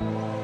Thank you.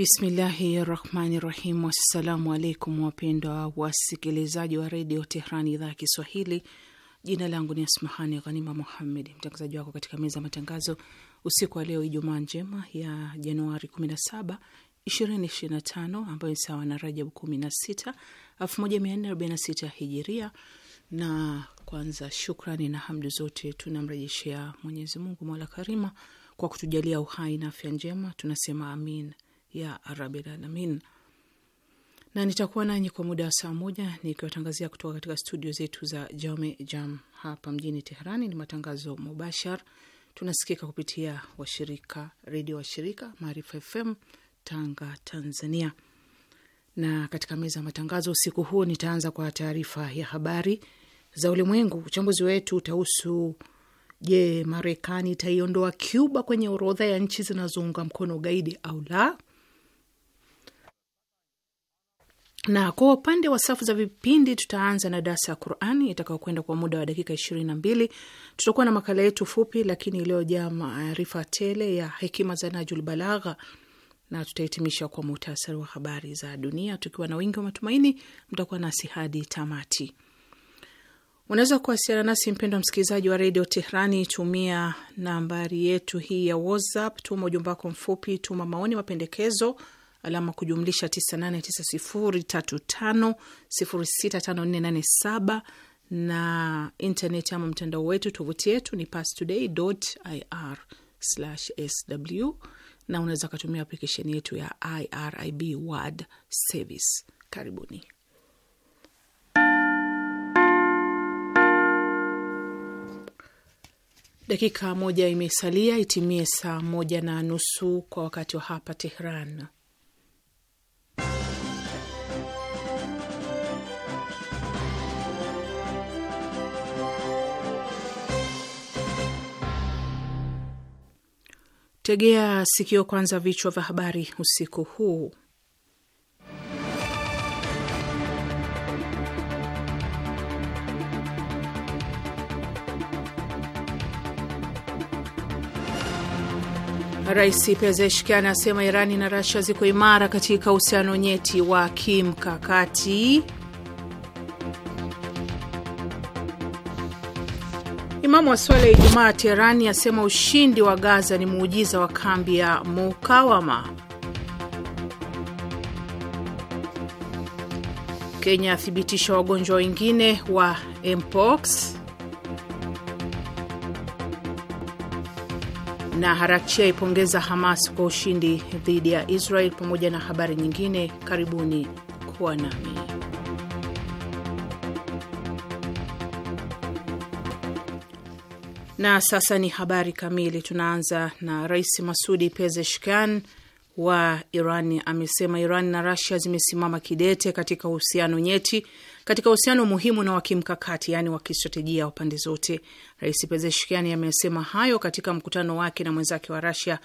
Bismillahi rahmani rahim. Assalamu alaikum wapendwa wasikilizaji wa redio Tehran, idhaa ya Kiswahili. Jina langu ni Asmahani Ghanima Muhammed, mtangazaji wako katika meza ya matangazo usiku wa leo, Ijumaa njema ya Januari 17 2025, ambayo ni sawa na Rajab 16 1446 Hijiria. Na kwanza shukrani na hamdu zote tunamrejeshea Mwenyezi Mungu mola karima kwa kutujalia uhai na afya njema, tunasema amin ya Rabbil Alamin, na nitakuwa nanyi kwa muda wa saa moja nikiwatangazia kutoka katika studio zetu za Jame Jam hapa mjini Teherani. Ni matangazo mubashar, tunasikika kupitia washirika redio washirika Maarifa FM Tanga, Tanzania. Na katika meza ya matangazo usiku huu nitaanza kwa taarifa ya habari za ulimwengu. Uchambuzi wetu utahusu je, Marekani itaiondoa Cuba kwenye orodha ya nchi zinazounga mkono ugaidi au la? na kwa upande wa safu za vipindi tutaanza na darsa ya Qurani itakayokwenda kwa muda wa dakika ishirini na mbili. Tutakuwa na makala yetu fupi lakini iliyojaa maarifa tele ya hekima za Najul Balagha na tutahitimisha kwa muhtasari wa habari za dunia, tukiwa na wingi wa matumaini. Mtakuwa nasi hadi tamati. Unaweza kuwasiliana nasi mpendo wa msikilizaji wa redio Tehrani, tumia nambari yetu hii ya WhatsApp, tuma ujumbe wako mfupi, tuma maoni, mapendekezo alama kujumlisha 989035065487 na intaneti ama mtandao wetu, tovuti yetu ni pastoday.ir/sw, na unaweza ukatumia aplikesheni yetu ya IRIB World Service. Karibuni. Dakika moja imesalia itimie saa moja na nusu kwa wakati wa hapa Tehran. Tegea sikio kwanza, vichwa vya habari usiku huu. Rais Pezeshkian asema Irani na Rasia ziko imara katika uhusiano nyeti wa kimkakati. Imamu wa swala ya Ijumaa Teherani asema ushindi wa Gaza ni muujiza wa kambi ya Mukawama. Kenya athibitisha wagonjwa wengine wa mpox. Na harakisha ipongeza Hamas kwa ushindi dhidi ya Israel, pamoja na habari nyingine. Karibuni kuwa nami. Na sasa ni habari kamili. Tunaanza na Rais Masudi Pezeshkan wa Iran amesema Iran na Rasia zimesimama kidete katika uhusiano nyeti, katika uhusiano muhimu na wa kimkakati, yaani wa kistratejia wa pande zote. Rais Pezeshkian amesema hayo katika mkutano wake na mwenzake wa Rasia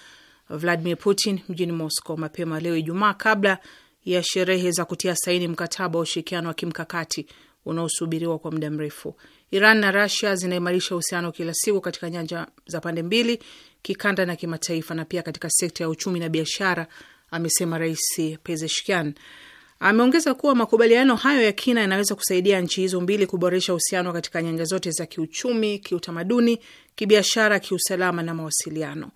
Vladimir Putin mjini Moscow mapema leo Ijumaa, kabla ya sherehe za kutia saini mkataba wa ushirikiano wa kimkakati unaosubiriwa kwa muda mrefu. Iran na Rasia zinaimarisha uhusiano kila siku katika nyanja za pande mbili, kikanda na kimataifa, na pia katika sekta ya uchumi na biashara, amesema Rais Pezeshkian. Ameongeza kuwa makubaliano hayo ya kina yanaweza kusaidia nchi hizo mbili kuboresha uhusiano katika nyanja zote za kiuchumi, kiutamaduni, kibiashara, kiusalama na mawasiliano.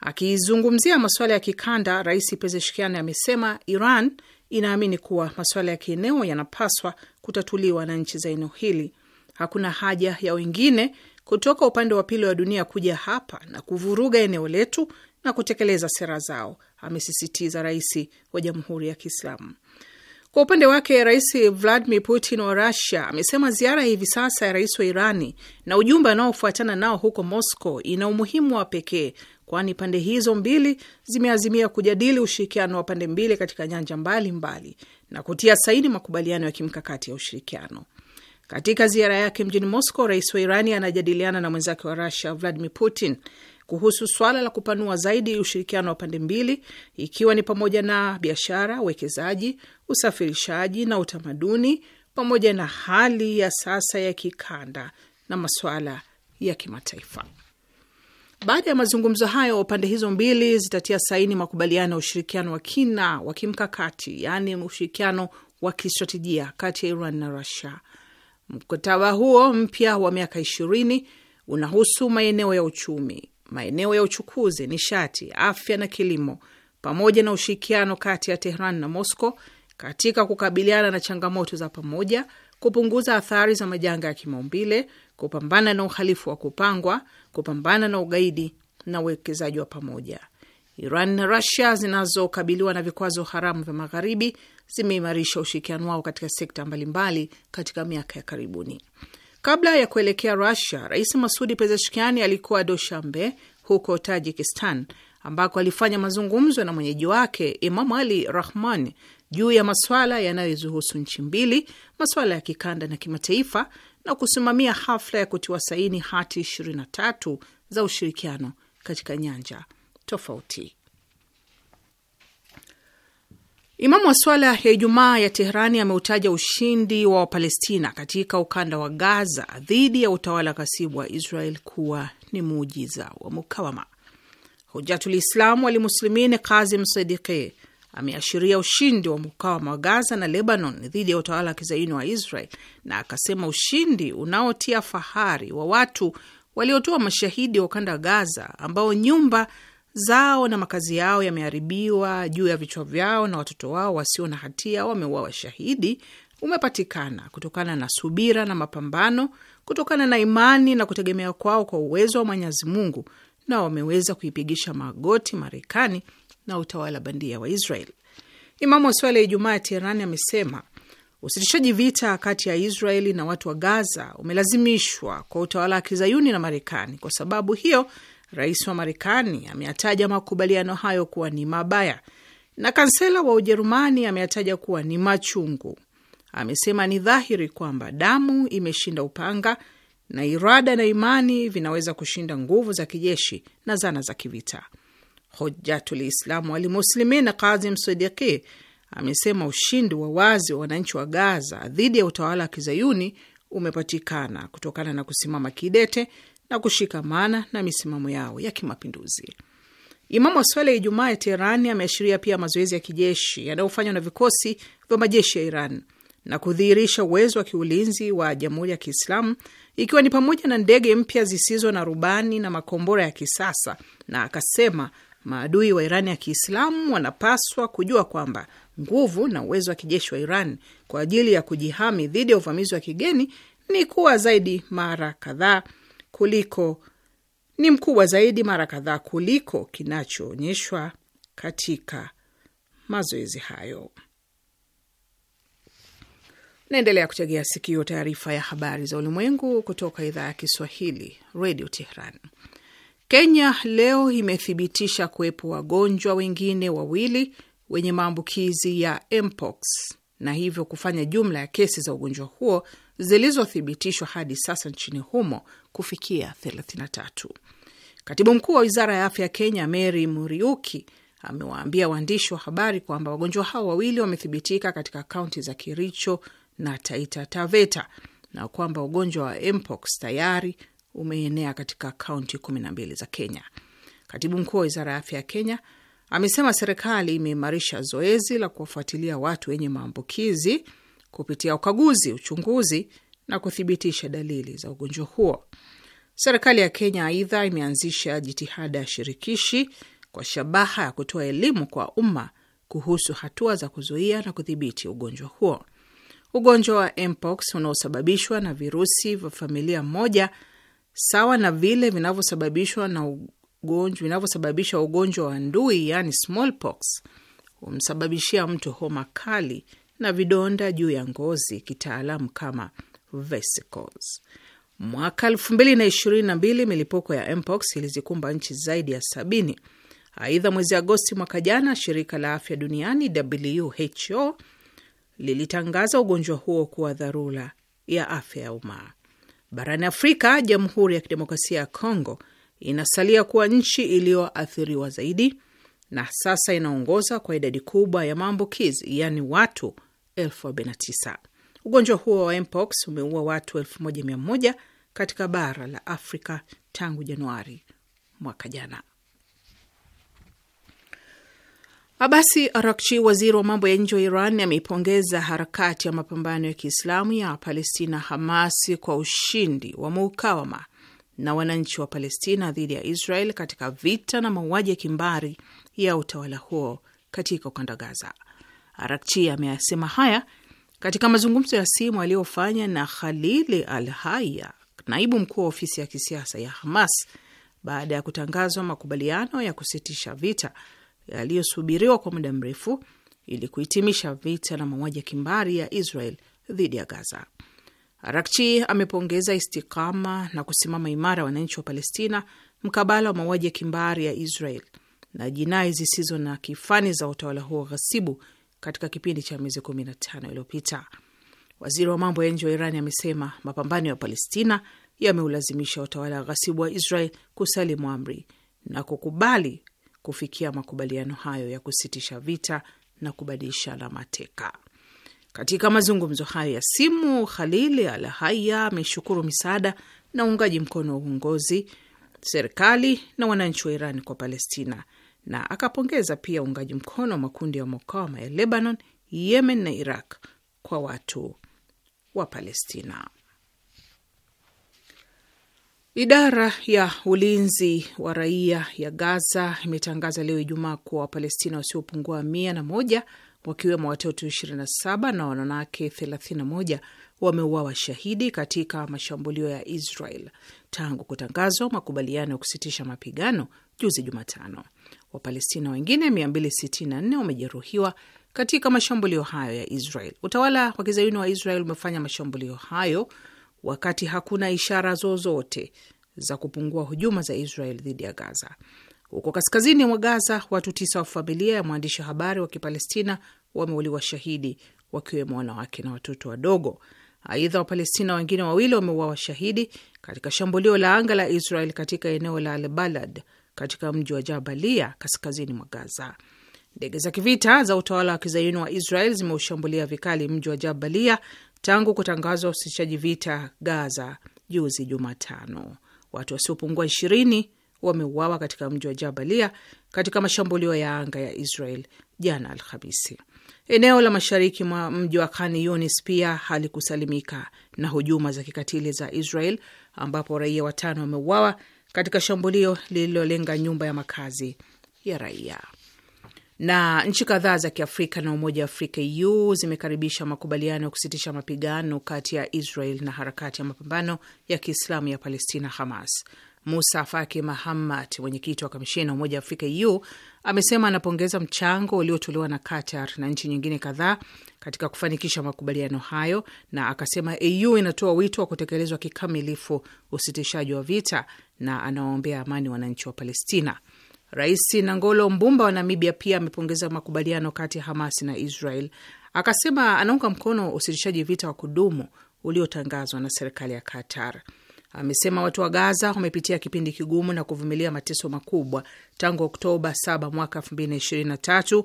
Akizungumzia masuala ya kikanda, Rais Pezeshkian amesema Iran inaamini kuwa masuala ya kieneo yanapaswa kutatuliwa na nchi za eneo hili. Hakuna haja ya wengine kutoka upande wa pili wa dunia kuja hapa na kuvuruga eneo letu na kutekeleza sera zao, amesisitiza rais wa Jamhuri ya Kiislamu. Kwa upande wake, Rais Vladimir Putin wa rasia amesema ziara hivi sasa ya rais wa Irani na ujumbe anaofuatana nao huko Moscow ina umuhimu wa pekee kwani pande hizo mbili zimeazimia kujadili ushirikiano wa pande mbili katika nyanja mbalimbali mbali, na kutia saini makubaliano ya kimkakati ya ushirikiano. Katika ziara yake mjini Moscow, rais wa Irani anajadiliana na mwenzake wa rusia Vladimir Putin kuhusu swala la kupanua zaidi ushirikiano wa pande mbili ikiwa ni pamoja na biashara, uwekezaji, usafirishaji na utamaduni, pamoja na hali ya sasa ya kikanda na masuala ya kimataifa. Baada ya mazungumzo hayo, pande hizo mbili zitatia saini makubaliano ya ushirikiano wa kina wa kimkakati, yaani ushirikiano wa kistratejia kati ya Iran na Rusia. Mkataba huo mpya wa miaka ishirini unahusu maeneo ya uchumi, maeneo ya uchukuzi, nishati, afya na kilimo, pamoja na ushirikiano kati ya Tehran na Moscow katika kukabiliana na changamoto za pamoja kupunguza athari za majanga ya kimaumbile, kupambana na uhalifu wa kupangwa, kupambana na ugaidi na uwekezaji wa pamoja. Iran na Rusia zinazokabiliwa na vikwazo haramu vya Magharibi zimeimarisha ushirikiano wao katika sekta mbalimbali katika miaka ya karibuni. Kabla ya kuelekea Rusia, Rais Masudi Pezeshkiani alikuwa Doshambe huko Tajikistan, ambako alifanya mazungumzo na mwenyeji wake Imam Ali Rahman juu ya maswala yanayozihusu nchi mbili, maswala ya kikanda na kimataifa, na kusimamia hafla ya kutiwa saini hati 23 za ushirikiano katika nyanja tofauti. Imamu wa swala ya Ijumaa ya Teherani ameutaja ushindi wa Wapalestina katika ukanda wa Gaza dhidi ya utawala kasibu wa Israel kuwa ni muujiza wa mukawama. Hujatul islam walimuslimini Kazim Sidiki ameashiria ushindi wa mkawama wa Gaza na Lebanon dhidi ya utawala wa kizaini wa Israel na akasema ushindi unaotia fahari wa watu waliotoa mashahidi wa ukanda wa Gaza ambao nyumba zao na makazi yao yameharibiwa juu ya vichwa vyao na watoto wao wasio na hatia wameuawa washahidi umepatikana kutokana na subira na mapambano, kutokana na imani na kutegemea kwao kwa uwezo wa Mwenyezi Mungu, na wameweza kuipigisha magoti Marekani na utawala bandia wa Israel. Imamu wa swala ya Ijumaa ya Teherani amesema usitishaji vita kati ya Israeli na watu wa Gaza umelazimishwa kwa utawala wa kizayuni na Marekani. Kwa sababu hiyo, rais wa Marekani ameyataja makubaliano hayo kuwa ni mabaya na kansela wa Ujerumani ameyataja kuwa ni machungu. Amesema ni dhahiri kwamba damu imeshinda upanga na irada na imani vinaweza kushinda nguvu za kijeshi na zana za kivita. Hujjatul Islamu Almuslimin Kazim Sidiki amesema ushindi wa wazi wa wananchi wa Gaza dhidi ya utawala wa kizayuni umepatikana kutokana na kusimama kidete na kushikamana na misimamo yao ya kimapinduzi. Imamu wa swala ya Ijumaa ya Teherani ameashiria pia mazoezi ya kijeshi yanayofanywa na vikosi vya majeshi ya Iran na kudhihirisha uwezo wa kiulinzi wa Jamhuri ya Kiislamu, ikiwa ni pamoja na ndege mpya zisizo na rubani na makombora ya kisasa, na akasema Maadui wa Irani ya Kiislamu wanapaswa kujua kwamba nguvu na uwezo wa kijeshi wa Iran kwa ajili ya kujihami dhidi ya uvamizi wa kigeni ni kuwa zaidi mara kadhaa kuliko ni mkubwa zaidi mara kadhaa kuliko kinachoonyeshwa katika mazoezi hayo. Naendelea kutegea sikio taarifa ya habari za ulimwengu kutoka idhaa ya Kiswahili, Redio Tehran. Kenya leo imethibitisha kuwepo wagonjwa wengine wawili wenye maambukizi ya mpox na hivyo kufanya jumla ya kesi za ugonjwa huo zilizothibitishwa hadi sasa nchini humo kufikia 33. Katibu mkuu wa wizara ya afya ya Kenya Mary Muriuki amewaambia waandishi wa habari kwamba wagonjwa hao wawili wamethibitika katika kaunti za kiricho na Taita Taveta na kwamba ugonjwa wa mpox tayari umeenea katika kaunti mbili za Kenya. Katibu mkuu wa wizara ya afya ya Kenya amesema serikali imeimarisha zoezi la kuwafuatilia watu wenye maambukizi kupitia ukaguzi, uchunguzi na kuthibitisha dalili za ugonjwa huo. Serikali ya Kenya aidha imeanzisha jitihada ya shirikishi kwa shabaha ya kutoa elimu kwa umma kuhusu hatua za kuzuia na kudhibiti ugonjwa huo. Ugonjwa wa mpox unaosababishwa na virusi vya familia moja sawa na vile vinavyosababishwa na ugonjwa vinavyosababisha ugonjwa wa ndui, yani smallpox, humsababishia mtu homa kali na vidonda juu ya ngozi, kitaalamu kama vesicles. Mwaka elfu mbili na ishirini na mbili milipuko ya mpox ilizikumba nchi zaidi ya sabini. Aidha, mwezi Agosti mwaka jana shirika la afya duniani WHO lilitangaza ugonjwa huo kuwa dharura ya afya ya umma. Barani Afrika, Jamhuri ya Kidemokrasia ya Kongo inasalia kuwa nchi iliyoathiriwa zaidi na sasa inaongoza kwa idadi kubwa ya maambukizi, yaani watu elfu arobaini na tisa. Ugonjwa huo wa mpox umeua watu elfu moja mia moja katika bara la Afrika tangu Januari mwaka jana. Abasi Arakchi, waziri wa mambo ya nje wa Iran, ameipongeza harakati ya mapambano ya Kiislamu ya Palestina, hamas kwa ushindi wa mukawama na wananchi wa Palestina dhidi ya Israel katika vita na mauaji ya kimbari ya utawala huo katika ukanda Gaza. Arakchi ameyasema haya katika mazungumzo ya simu aliyofanya na Khalili Al Haya, naibu mkuu wa ofisi ya kisiasa ya Hamas, baada ya kutangazwa makubaliano ya kusitisha vita yaliyosubiriwa kwa muda mrefu ili kuhitimisha vita na mauaji ya kimbari ya Israel dhidi ya Gaza. rakchi amepongeza istikama na kusimama imara wananchi wa Palestina mkabala wa mauaji ya kimbari ya Israel na jinai zisizo na kifani za utawala huo ghasibu katika kipindi cha miezi 15 iliyopita. Waziri wa mambo ya nje wa iran amesema mapambano ya Palestina yameulazimisha utawala ghasibu wa Israel kusalimu amri na kukubali kufikia makubaliano hayo ya kusitisha vita na kubadilishana mateka. Katika mazungumzo hayo ya simu, Khalil Al Haya ameshukuru misaada na uungaji mkono wa uongozi, serikali na wananchi wa Iran kwa Palestina, na akapongeza pia uungaji mkono wa makundi ya mukawama ya Lebanon, Yemen na Iraq kwa watu wa Palestina. Idara ya ulinzi wa raia ya Gaza imetangaza leo Ijumaa kuwa Wapalestina wasiopungua mia na moja wakiwemo watoto 27 na wanawake 31 wameuawa shahidi katika mashambulio ya Israel tangu kutangazwa makubaliano ya kusitisha mapigano juzi Jumatano. Wapalestina wengine 264 wamejeruhiwa katika mashambulio hayo ya Israel. Utawala wa kizayuni wa Israel umefanya mashambulio hayo wakati hakuna ishara zozote za kupungua hujuma za Israel dhidi ya Gaza. Huko kaskazini mwa Gaza, watu tisa wa familia ya mwandishi wa habari wa Kipalestina wameuliwa shahidi, wakiwemo wanawake na watoto wadogo. Aidha, Wapalestina wengine wawili wameuawa shahidi katika shambulio la anga la Israel katika eneo la Albalad katika mji wa Jabalia kaskazini mwa Gaza. Ndege za kivita za utawala wa kizayuni wa Israel zimeushambulia vikali mji wa Jabalia tangu kutangazwa usitishaji vita Gaza juzi Jumatano. Watu wasiopungua ishirini wameuawa katika mji wa Jabalia katika mashambulio ya anga ya Israel jana Alhamisi. Eneo la mashariki mwa mji wa Khan Yunis pia halikusalimika na hujuma za kikatili za Israel, ambapo raia watano wameuawa katika shambulio lililolenga nyumba ya makazi ya raia. Na nchi kadhaa za Kiafrika na Umoja wa Afrika EU zimekaribisha makubaliano ya kusitisha mapigano kati ya Israel na harakati ya mapambano ya Kiislamu ya Palestina, Hamas. Musa Faki Mahamat, mwenyekiti wa kamisheni ya Umoja wa Afrika EU, amesema anapongeza mchango uliotolewa na Qatar na nchi nyingine kadhaa katika kufanikisha makubaliano hayo, na akasema EU inatoa wito wa kutekelezwa kikamilifu usitishaji wa vita na anawaombea amani wananchi wa Palestina. Rais Nangolo Mbumba wa Namibia pia amepongeza makubaliano kati ya Hamas na Israel. Akasema anaunga mkono usitishaji vita wa kudumu uliotangazwa na serikali ya Qatar. Amesema watu wa Gaza wamepitia kipindi kigumu na kuvumilia mateso makubwa tangu Oktoba 7 mwaka 2023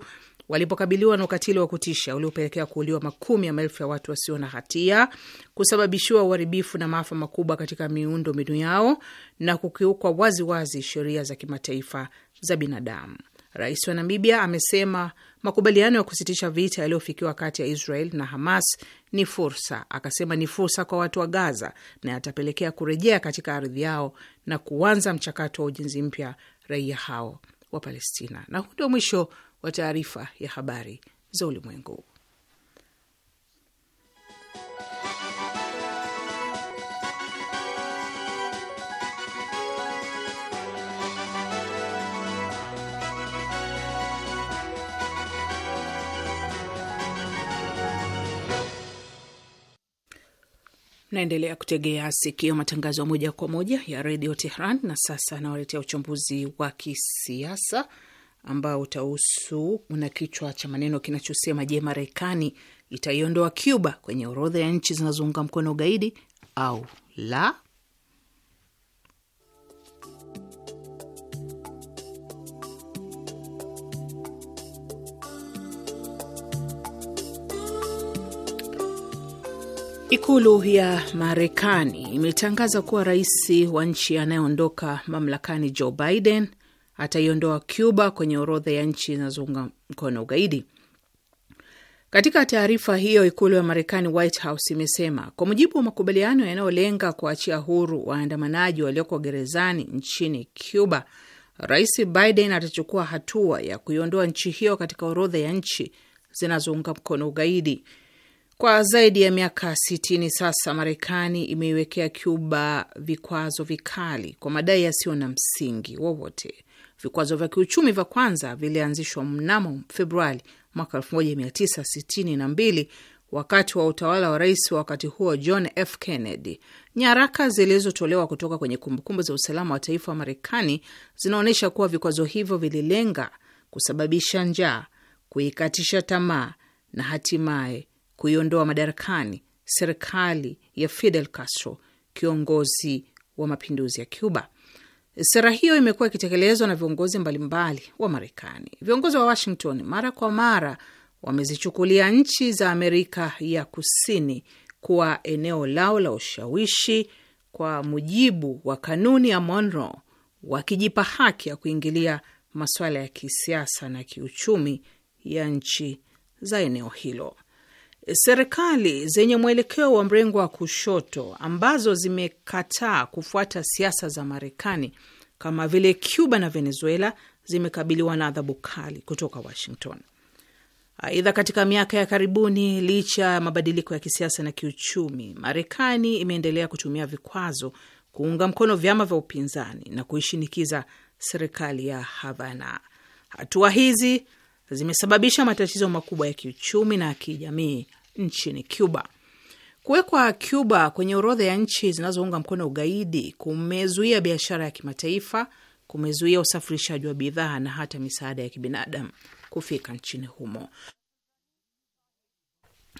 walipokabiliwa na ukatili wa kutisha uliopelekea kuuliwa makumi ya maelfu ya watu wasio na hatia, kusababishiwa uharibifu na maafa makubwa katika miundo mbinu yao na kukiukwa waziwazi sheria za kimataifa za binadamu. Rais wa Namibia amesema makubaliano ya kusitisha vita yaliyofikiwa kati ya Israel na Hamas ni fursa. Akasema ni fursa kwa watu wa Gaza na yatapelekea kurejea katika ardhi yao na kuanza mchakato wa ujenzi mpya raia hao wa Palestina. Na huu ndio mwisho wa taarifa ya habari za ulimwengu. Naendelea kutegea sikio matangazo ya moja kwa moja ya redio Tehran. Na sasa anawaletea uchambuzi wa kisiasa ambao utahusu una kichwa cha maneno kinachosema: Je, Marekani itaiondoa Cuba kwenye orodha ya nchi zinazounga mkono ugaidi au la? Ikulu ya Marekani imetangaza kuwa rais wa nchi anayeondoka mamlakani Joe Biden ataiondoa Cuba kwenye orodha ya nchi zinazounga mkono ugaidi. Katika taarifa hiyo, ikulu ya Marekani, White House, imesema kwa mujibu wa makubaliano yanayolenga kuachia huru waandamanaji walioko gerezani nchini Cuba, rais Biden atachukua hatua ya kuiondoa nchi hiyo katika orodha ya nchi zinazounga mkono ugaidi kwa zaidi ya miaka sitini sasa, Marekani imeiwekea Cuba vikwazo vikali kwa madai yasiyo na msingi wowote. Vikwazo vya kiuchumi vya kwanza vilianzishwa mnamo Februari mwaka 1962 wakati wa utawala wa rais wa wakati huo John F. Kennedy. Nyaraka zilizotolewa kutoka kwenye kumbukumbu za usalama wa taifa wa Marekani zinaonyesha kuwa vikwazo hivyo vililenga kusababisha njaa, kuikatisha tamaa na hatimaye kuiondoa madarakani serikali ya Fidel Castro, kiongozi wa mapinduzi ya Cuba. Sera hiyo imekuwa ikitekelezwa na viongozi mbalimbali wa Marekani. Viongozi wa Washington mara kwa mara wamezichukulia nchi za Amerika ya Kusini kuwa eneo lao la ushawishi kwa mujibu wa kanuni ya Monroe, wakijipa haki ya kuingilia masuala ya kisiasa na kiuchumi ya nchi za eneo hilo. Serikali zenye mwelekeo wa mrengo wa kushoto ambazo zimekataa kufuata siasa za Marekani kama vile Cuba na Venezuela zimekabiliwa na adhabu kali kutoka Washington. Aidha, katika miaka ya karibuni, licha ya mabadiliko ya kisiasa na kiuchumi, Marekani imeendelea kutumia vikwazo kuunga mkono vyama vya upinzani na kuishinikiza serikali ya Havana. Hatua hizi zimesababisha matatizo makubwa ya kiuchumi na kijamii nchini Cuba. Kuwekwa Cuba kwenye orodha ya nchi zinazounga mkono ugaidi kumezuia biashara ya kimataifa, kumezuia usafirishaji wa bidhaa na hata misaada ya kibinadamu kufika nchini humo.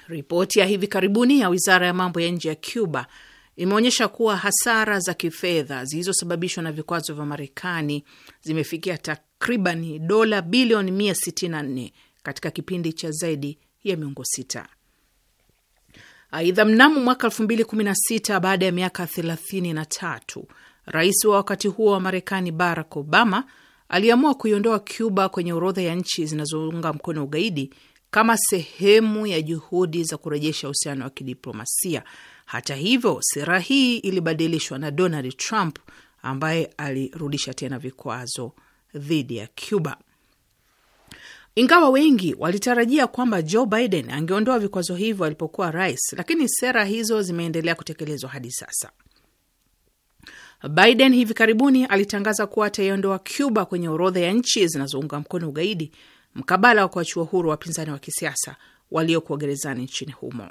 Ripoti ya hivi karibuni ya wizara ya mambo ya nje ya Cuba imeonyesha kuwa hasara za kifedha zilizosababishwa na vikwazo vya Marekani zimefikia takribani dola bilioni 164 katika kipindi cha zaidi ya miongo sita. Aidha, mnamo mwaka 2016 baada ya miaka 33 rais wa wakati huo wa Marekani Barack Obama aliamua kuiondoa Cuba kwenye orodha ya nchi zinazounga mkono ugaidi kama sehemu ya juhudi za kurejesha uhusiano wa kidiplomasia. Hata hivyo, sera hii ilibadilishwa na Donald Trump ambaye alirudisha tena vikwazo dhidi ya Cuba. Ingawa wengi walitarajia kwamba Joe Biden angeondoa vikwazo hivyo alipokuwa rais, lakini sera hizo zimeendelea kutekelezwa hadi sasa. Biden hivi karibuni alitangaza kuwa ataiondoa Cuba kwenye orodha ya nchi zinazounga mkono ugaidi mkabala wa kuachua huru wapinzani wa kisiasa waliokuwa gerezani nchini humo.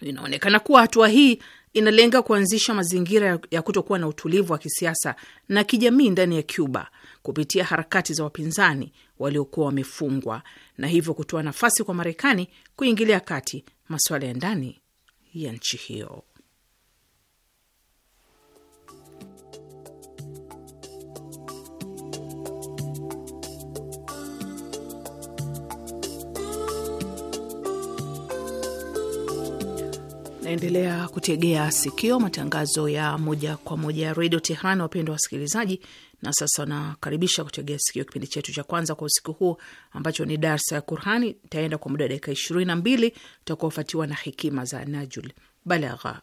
Inaonekana kuwa hatua hii inalenga kuanzisha mazingira ya kutokuwa na utulivu wa kisiasa na kijamii ndani ya Cuba kupitia harakati za wapinzani waliokuwa wamefungwa na hivyo kutoa nafasi kwa Marekani kuingilia kati masuala ya ndani ya nchi hiyo. Naendelea kutegea sikio matangazo ya moja kwa moja ya redio Tehran, wapendwa wasikilizaji, na sasa nakaribisha kutegea sikio kipindi chetu cha kwanza kwa usiku huu ambacho ni darsa ya Qurani. Itaenda kwa muda wa dakika ishirini na mbili, itakuwa ufuatiwa na hekima za Najul Balagha.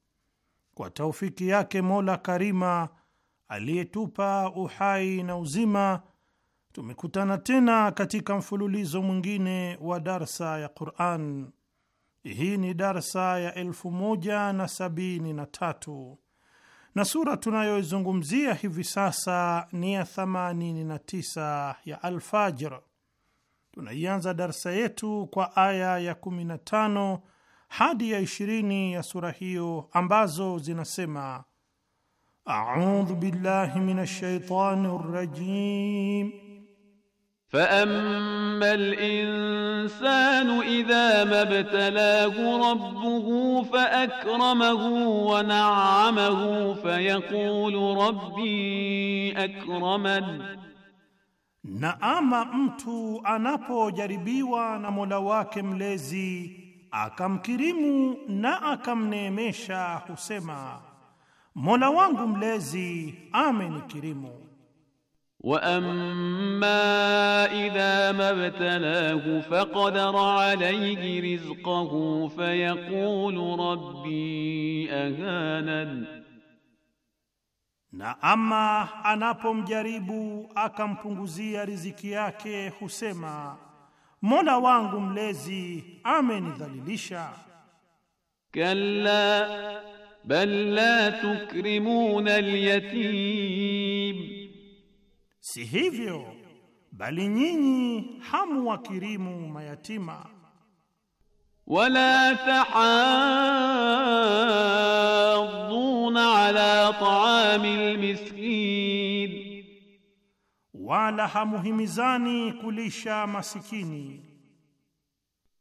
kwa taufiki yake Mola Karima aliyetupa uhai na uzima, tumekutana tena katika mfululizo mwingine wa darsa ya Quran. Hii ni darsa ya elfu moja na sabini na tatu na sura tunayoizungumzia hivi sasa ni ya 89 ya Alfajr. Tunaianza darsa yetu kwa aya ya 15 hadi ya ishirini ya sura hiyo ambazo zinasema: audhu billahi minash shaitani rrajim faama linsanu idha mabtalahu rabbuhu faakramahu wa naamahu fayaqulu rabbi akraman, na ama mtu anapojaribiwa na mola wake mlezi akamkirimu na akamneemesha, husema Mola wangu mlezi amenikirimu. Wa amma idha mabtalahu faqadara alayhi rizqahu fayaqulu rabbi ahanan, na ama anapomjaribu akampunguzia riziki yake husema Mola wangu mlezi amenidhalilisha. Kalla bal la tukrimuna alyatim, si hivyo bali nyinyi hamuwakirimu mayatima. Wala tahadduna ala taamil miskin wala hamuhimizani kulisha masikini.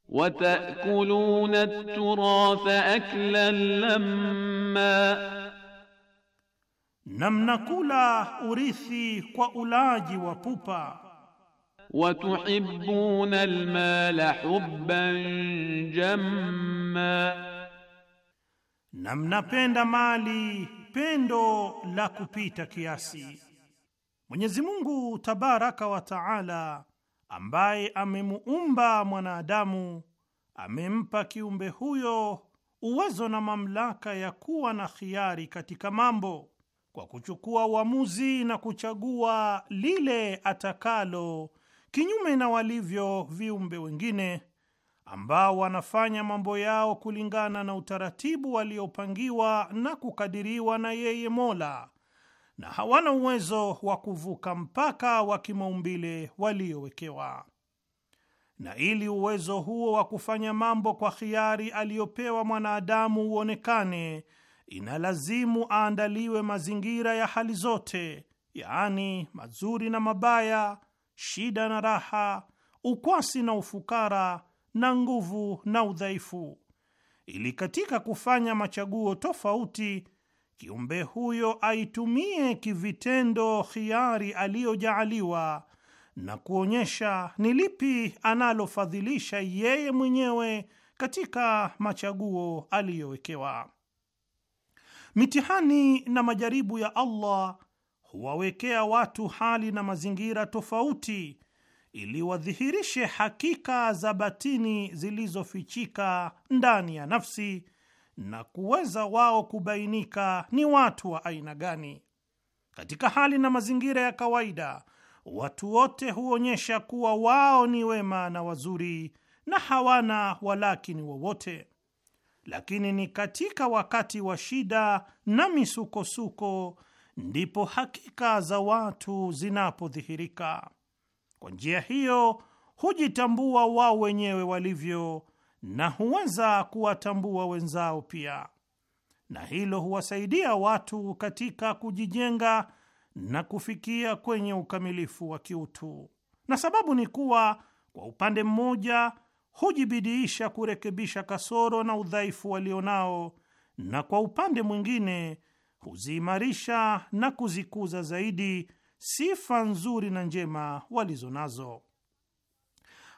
Watakuluna turatha aklan lamma, na mnakula urithi kwa ulaji wa pupa. Watuhibbuna almala hubban jamma, na mnapenda mali pendo la kupita kiasi. Mwenyezi Mungu tabaraka wa taala, ambaye amemuumba mwanadamu, amempa kiumbe huyo uwezo na mamlaka ya kuwa na khiari katika mambo kwa kuchukua uamuzi na kuchagua lile atakalo, kinyume na walivyo viumbe wengine ambao wanafanya mambo yao kulingana na utaratibu waliopangiwa na kukadiriwa na yeye Mola na hawana uwezo wa kuvuka mpaka wa kimaumbile waliowekewa. Na ili uwezo huo wa kufanya mambo kwa khiari aliyopewa mwanadamu uonekane, inalazimu aandaliwe mazingira ya hali zote, yaani mazuri na mabaya, shida na raha, ukwasi na ufukara, na nguvu na udhaifu, ili katika kufanya machaguo tofauti kiumbe huyo aitumie kivitendo khiari aliyojaaliwa na kuonyesha ni lipi analofadhilisha yeye mwenyewe katika machaguo aliyowekewa. Mitihani na majaribu ya Allah huwawekea watu hali na mazingira tofauti ili wadhihirishe hakika za batini zilizofichika ndani ya nafsi na kuweza wao kubainika ni watu wa aina gani. Katika hali na mazingira ya kawaida, watu wote huonyesha kuwa wao ni wema na wazuri na hawana walakini wowote, lakini ni katika wakati wa shida na misukosuko ndipo hakika za watu zinapodhihirika. Kwa njia hiyo hujitambua wao wenyewe walivyo na huweza kuwatambua wenzao pia, na hilo huwasaidia watu katika kujijenga na kufikia kwenye ukamilifu wa kiutu. Na sababu ni kuwa, kwa upande mmoja, hujibidiisha kurekebisha kasoro na udhaifu walionao, na kwa upande mwingine huziimarisha na kuzikuza zaidi sifa nzuri na njema walizo nazo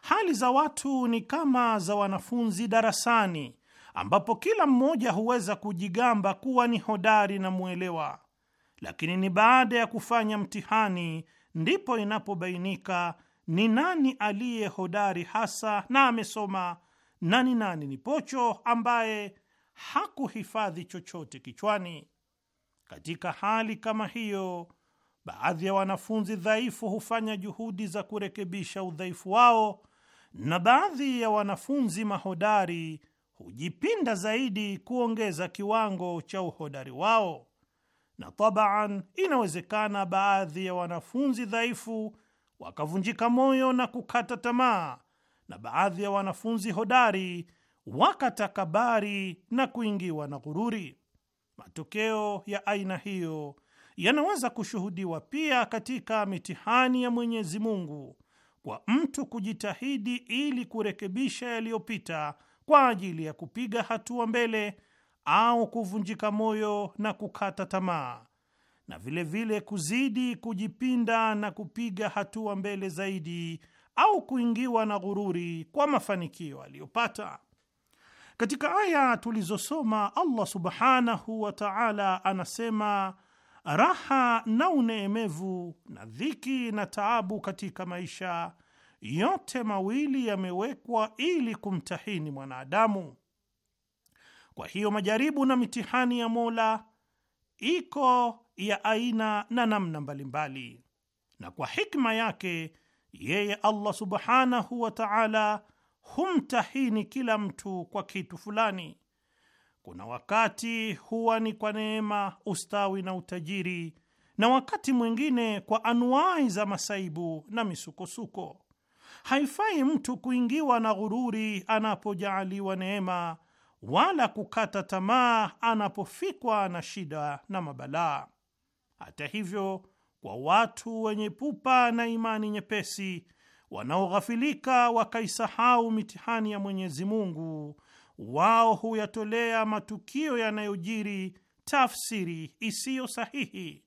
hali za watu ni kama za wanafunzi darasani, ambapo kila mmoja huweza kujigamba kuwa ni hodari na mwelewa, lakini ni baada ya kufanya mtihani ndipo inapobainika ni nani aliye hodari hasa na amesoma na ni nani ni pocho ambaye hakuhifadhi chochote kichwani. Katika hali kama hiyo, baadhi ya wanafunzi dhaifu hufanya juhudi za kurekebisha udhaifu wao na baadhi ya wanafunzi mahodari hujipinda zaidi kuongeza kiwango cha uhodari wao, na tabaan, inawezekana baadhi ya wanafunzi dhaifu wakavunjika moyo na kukata tamaa, na baadhi ya wanafunzi hodari wakatakabari na kuingiwa na ghururi. Matokeo ya aina hiyo yanaweza kushuhudiwa pia katika mitihani ya Mwenyezi Mungu kwa mtu kujitahidi ili kurekebisha yaliyopita kwa ajili ya kupiga hatua mbele au kuvunjika moyo na kukata tamaa, na vilevile vile kuzidi kujipinda na kupiga hatua mbele zaidi au kuingiwa na ghururi kwa mafanikio aliyopata. Katika aya tulizosoma, Allah subhanahu wa ta'ala anasema raha na uneemevu, na dhiki na taabu katika maisha, yote mawili yamewekwa ili kumtahini mwanadamu. Kwa hiyo majaribu na mitihani ya Mola iko ya aina na namna mbalimbali, na kwa hikma yake yeye Allah subhanahu wa ta'ala humtahini kila mtu kwa kitu fulani. Kuna wakati huwa ni kwa neema, ustawi na utajiri, na wakati mwingine kwa anuai za masaibu na misukosuko. Haifai mtu kuingiwa na ghururi anapojaaliwa neema, wala kukata tamaa anapofikwa na shida na mabalaa. Hata hivyo, kwa watu wenye pupa na imani nyepesi, wanaoghafilika wakaisahau mitihani ya Mwenyezi Mungu wao huyatolea matukio yanayojiri tafsiri isiyo sahihi,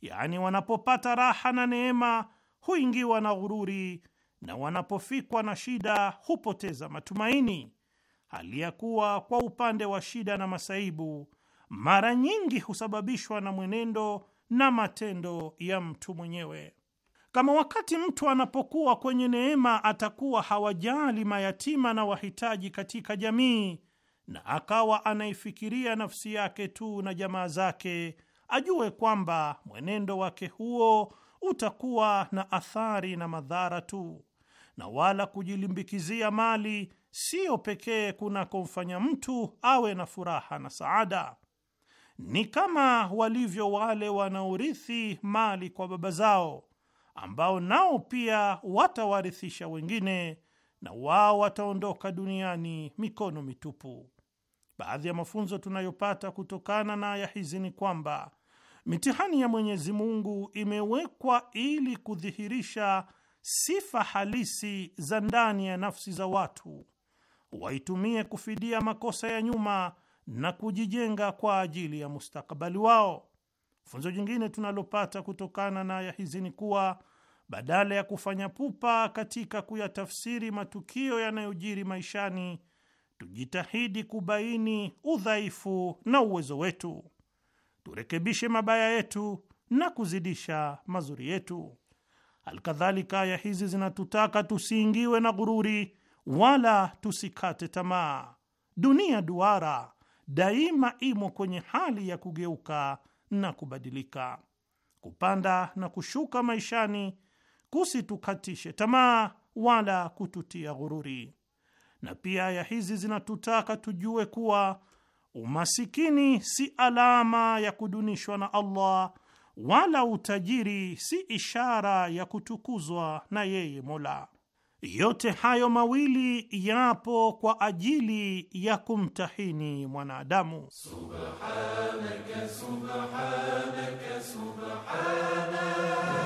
yaani wanapopata raha na neema huingiwa na ghururi na wanapofikwa na shida hupoteza matumaini, hali ya kuwa kwa upande wa shida na masaibu mara nyingi husababishwa na mwenendo na matendo ya mtu mwenyewe. Kama wakati mtu anapokuwa kwenye neema atakuwa hawajali mayatima na wahitaji katika jamii, na akawa anaifikiria nafsi yake tu na jamaa zake, ajue kwamba mwenendo wake huo utakuwa na athari na madhara tu, na wala kujilimbikizia mali siyo pekee kunakomfanya mtu awe na furaha na saada. Ni kama walivyo wale wanaorithi mali kwa baba zao ambao nao pia watawarithisha wengine na wao wataondoka duniani mikono mitupu. Baadhi ya mafunzo tunayopata kutokana na aya hizi ni kwamba mitihani ya Mwenyezi Mungu imewekwa ili kudhihirisha sifa halisi za ndani ya nafsi za watu, waitumie kufidia makosa ya nyuma na kujijenga kwa ajili ya mustakabali wao. Funzo jingine tunalopata kutokana na aya hizi ni kuwa badala ya kufanya pupa katika kuyatafsiri matukio yanayojiri maishani, tujitahidi kubaini udhaifu na uwezo wetu, turekebishe mabaya yetu na kuzidisha mazuri yetu. Alkadhalika, aya hizi zinatutaka tusiingiwe na ghururi wala tusikate tamaa. Dunia duara daima imo kwenye hali ya kugeuka na kubadilika. Kupanda na kushuka maishani kusitukatishe tamaa wala kututia ghururi. Na pia ya hizi zinatutaka tujue kuwa umasikini si alama ya kudunishwa na Allah wala utajiri si ishara ya kutukuzwa na yeye Mola. Yote hayo mawili yapo kwa ajili ya kumtahini mwanadamu. Subhanaka, subhanaka, subhanaka.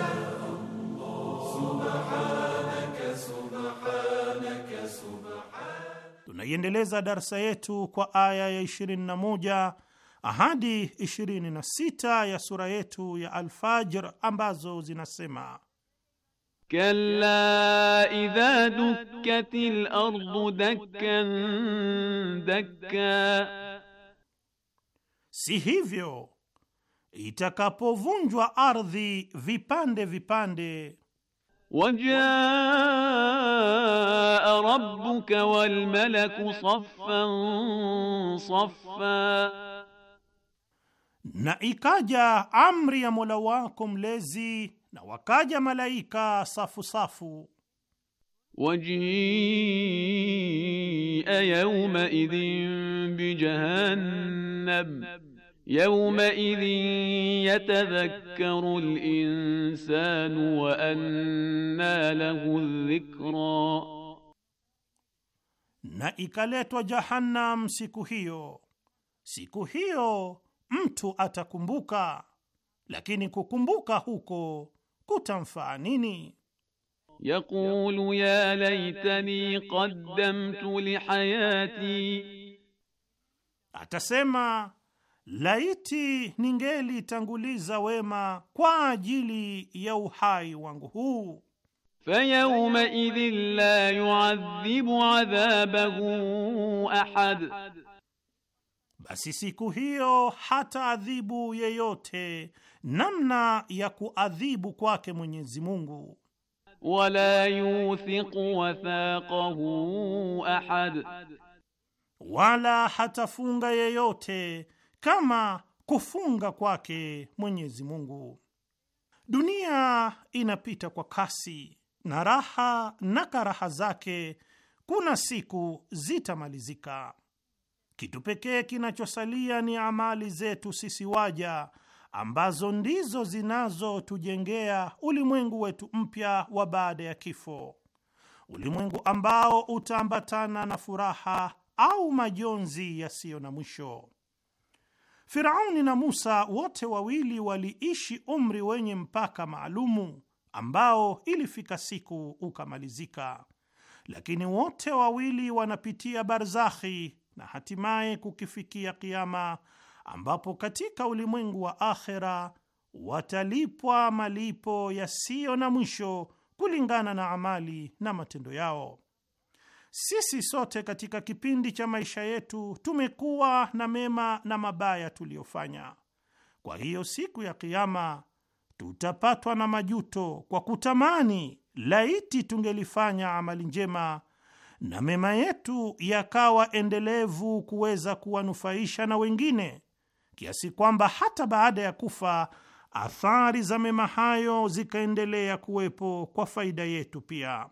Tunaiendeleza darsa yetu kwa aya ya 21 hadi 26 ya sura yetu ya Alfajr ambazo zinasema Kalla idha dukkatil ardu dakkan dakka, si hivyo itakapovunjwa ardhi vipande vipande. Wajaa rabbuka wal malaku saffan saffa, na ikaja amri ya Mola wako mlezi na wakaja malaika safu safu. wajia yawma idhin bijahannam يومئذ linsanu wa anna lahu dhikra, na ikaletwa Jahannam siku hiyo. Siku hiyo mtu atakumbuka, lakini kukumbuka huko kutamfaa nini? Yaqulu ya laitani qaddamtu lihayati, atasema laiti ningelitanguliza wema kwa ajili ya uhai wangu huu. Fayawma idhin la yu'adhibu adhabahu ahad, basi siku hiyo hata adhibu yeyote namna ya kuadhibu kwake Mwenyezi Mungu. Wala yuthiqu wathaqahu ahad, wala hatafunga yeyote kama kufunga kwake Mwenyezi Mungu. Dunia inapita kwa kasi na raha na karaha zake, kuna siku zitamalizika. Kitu pekee kinachosalia ni amali zetu sisi waja ambazo ndizo zinazotujengea ulimwengu wetu mpya wa baada ya kifo, ulimwengu ambao utaambatana na furaha au majonzi yasiyo na mwisho. Firauni na Musa wote wawili waliishi umri wenye mpaka maalumu ambao ilifika siku ukamalizika, lakini wote wawili wanapitia barzakhi na hatimaye kukifikia kiama ambapo katika ulimwengu wa akhera watalipwa malipo yasiyo na mwisho kulingana na amali na matendo yao. Sisi sote katika kipindi cha maisha yetu tumekuwa na mema na mabaya tuliyofanya. Kwa hiyo siku ya Kiama tutapatwa na majuto kwa kutamani laiti tungelifanya amali njema na mema yetu yakawa endelevu kuweza kuwanufaisha na wengine kiasi kwamba hata baada ya kufa athari za mema hayo zikaendelea kuwepo kwa faida yetu pia.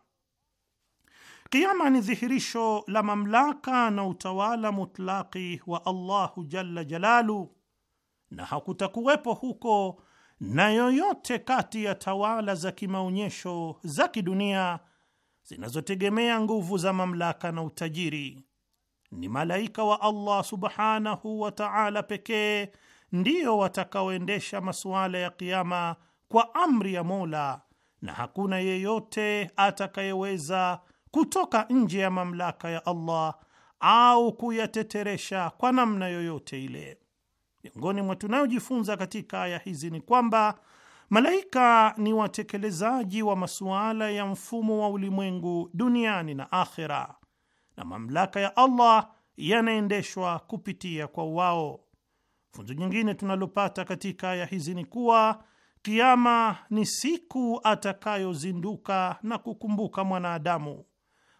Kiama ni dhihirisho la mamlaka na utawala mutlaki wa Allahu jalla jalalu, na hakutakuwepo huko na yoyote kati ya tawala za kimaonyesho za kidunia zinazotegemea nguvu za mamlaka na utajiri ni malaika wa Allah subhanahu wa ta'ala pekee ndiyo watakaoendesha masuala ya kiama kwa amri ya Mola, na hakuna yeyote atakayeweza kutoka nje ya mamlaka ya Allah au kuyateteresha kwa namna yoyote ile. Miongoni mwa tunayojifunza katika aya hizi ni kwamba malaika ni watekelezaji wa masuala ya mfumo wa ulimwengu duniani na akhera na mamlaka ya Allah yanaendeshwa kupitia kwa wao. Funzo nyingine tunalopata katika aya hizi ni kuwa kiama ni siku atakayozinduka na kukumbuka mwanadamu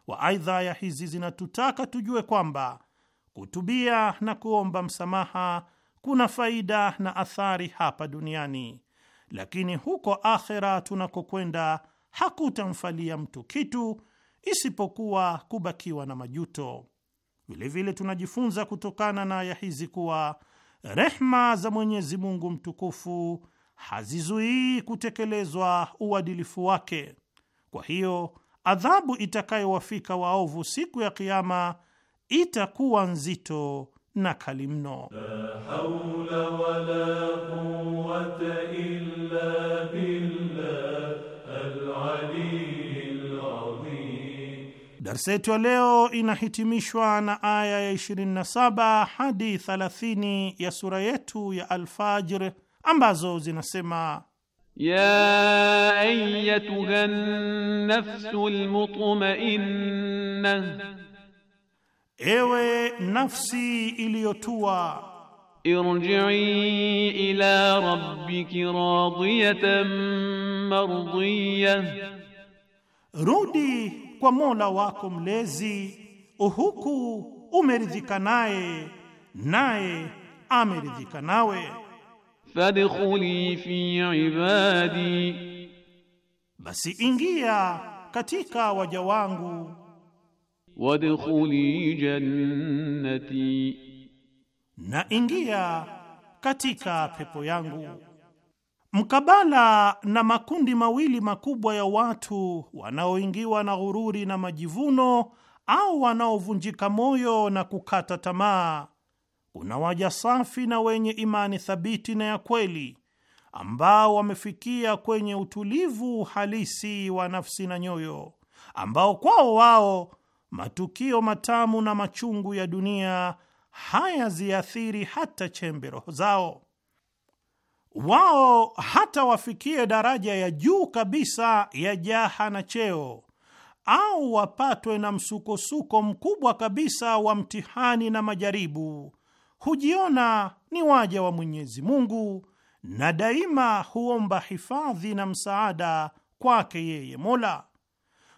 wa. Aidha, aya hizi zinatutaka tujue kwamba kutubia na kuomba msamaha kuna faida na athari hapa duniani, lakini huko akhera tunakokwenda hakutamfalia mtu kitu isipokuwa kubakiwa na majuto. Vilevile tunajifunza kutokana na aya hizi kuwa rehma za Mwenyezi Mungu mtukufu hazizuii kutekelezwa uadilifu wake. Kwa hiyo adhabu itakayowafika waovu siku ya Kiama itakuwa nzito na kali mno. la haula wala quwwata illa billah Darsa yetu ya leo inahitimishwa na aya ya 27 hadi 30 ya sura yetu ya Alfajr ambazo zinasema: ya ayyatuha nafsu almutma'inna, ewe nafsi iliyotua. Irji'i ila rabbiki radiyatan mardiyah, rudi kwa Mola wako mlezi, huku umeridhika naye, naye ameridhika nawe. Fadkhuli fi ibadi, basi ingia katika waja wangu. Wadkhuli jannati, na ingia katika pepo yangu mkabala na makundi mawili makubwa ya watu wanaoingiwa na ghururi na majivuno au wanaovunjika moyo na kukata tamaa, kuna waja safi na wenye imani thabiti na ya kweli ambao wamefikia kwenye utulivu halisi wa nafsi na nyoyo, ambao kwao wao matukio matamu na machungu ya dunia hayaziathiri hata chembe roho zao wao hata wafikie daraja ya juu kabisa ya jaha na cheo au wapatwe na msukosuko mkubwa kabisa wa mtihani na majaribu, hujiona ni waja wa Mwenyezi Mungu na daima huomba hifadhi na msaada kwake yeye Mola.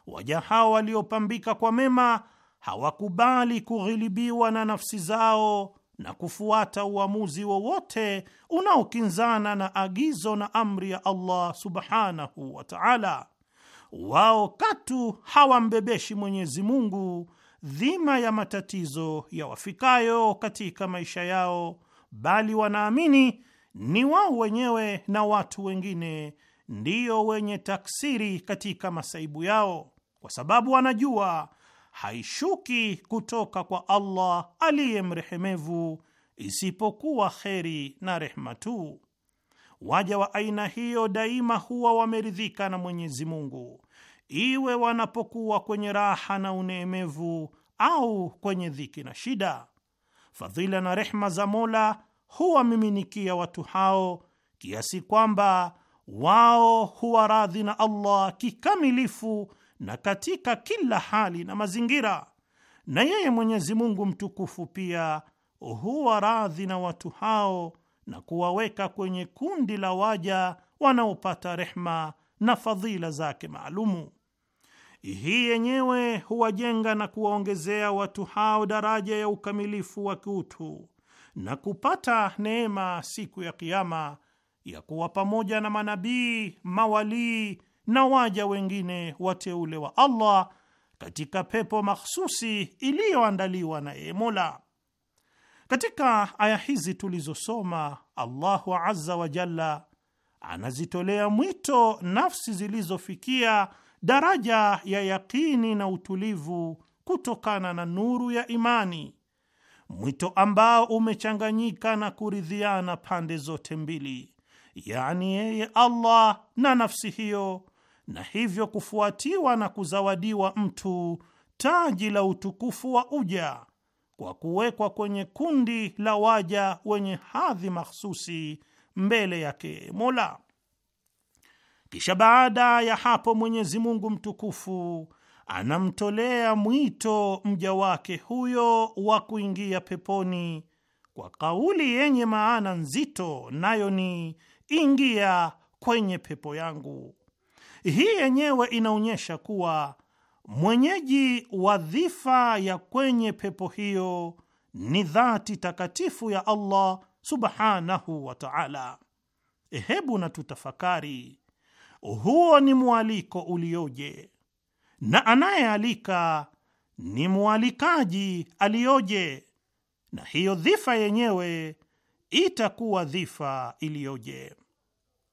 Waja hao waliopambika kwa mema hawakubali kughilibiwa na nafsi zao na kufuata uamuzi wowote unaokinzana na agizo na amri ya Allah subhanahu wa ta'ala, wao katu hawambebeshi Mwenyezi Mungu dhima ya matatizo yawafikayo katika maisha yao, bali wanaamini ni wao wenyewe na watu wengine ndiyo wenye taksiri katika masaibu yao, kwa sababu wanajua haishuki kutoka kwa Allah aliye mrehemevu isipokuwa kheri na rehma tu. Waja wa aina hiyo daima huwa wameridhika na Mwenyezi Mungu, iwe wanapokuwa kwenye raha na uneemevu au kwenye dhiki na shida. Fadhila na rehma za Mola huwamiminikia watu hao kiasi kwamba wao huwa radhi na Allah kikamilifu na katika kila hali na mazingira, na yeye Mwenyezi Mungu mtukufu pia huwa radhi na watu hao na kuwaweka kwenye kundi la waja wanaopata rehma na fadhila zake maalumu. Hii yenyewe huwajenga na kuwaongezea watu hao daraja ya ukamilifu wa kiutu na kupata neema siku ya Kiama ya kuwa pamoja na manabii, mawalii na waja wengine wateule wa Allah katika pepo mahsusi iliyoandaliwa na yeye Mola. Katika aya hizi tulizosoma, Allahu azza wa jalla anazitolea mwito nafsi zilizofikia daraja ya yakini na utulivu kutokana na nuru ya imani, mwito ambao umechanganyika na kuridhiana pande zote mbili, yaani yeye Allah na nafsi hiyo na hivyo kufuatiwa na kuzawadiwa mtu taji la utukufu wa uja kwa kuwekwa kwenye kundi la waja wenye hadhi mahsusi mbele yake Mola. Kisha baada ya hapo Mwenyezi Mungu mtukufu anamtolea mwito mja wake huyo wa kuingia peponi kwa kauli yenye maana nzito, nayo ni ingia kwenye pepo yangu. Hii yenyewe inaonyesha kuwa mwenyeji wa dhifa ya kwenye pepo hiyo ni dhati takatifu ya Allah subhanahu wa ta'ala. Hebu na tutafakari, huo ni mwaliko ulioje, na anayealika ni mwalikaji aliyoje, na hiyo dhifa yenyewe itakuwa dhifa iliyoje.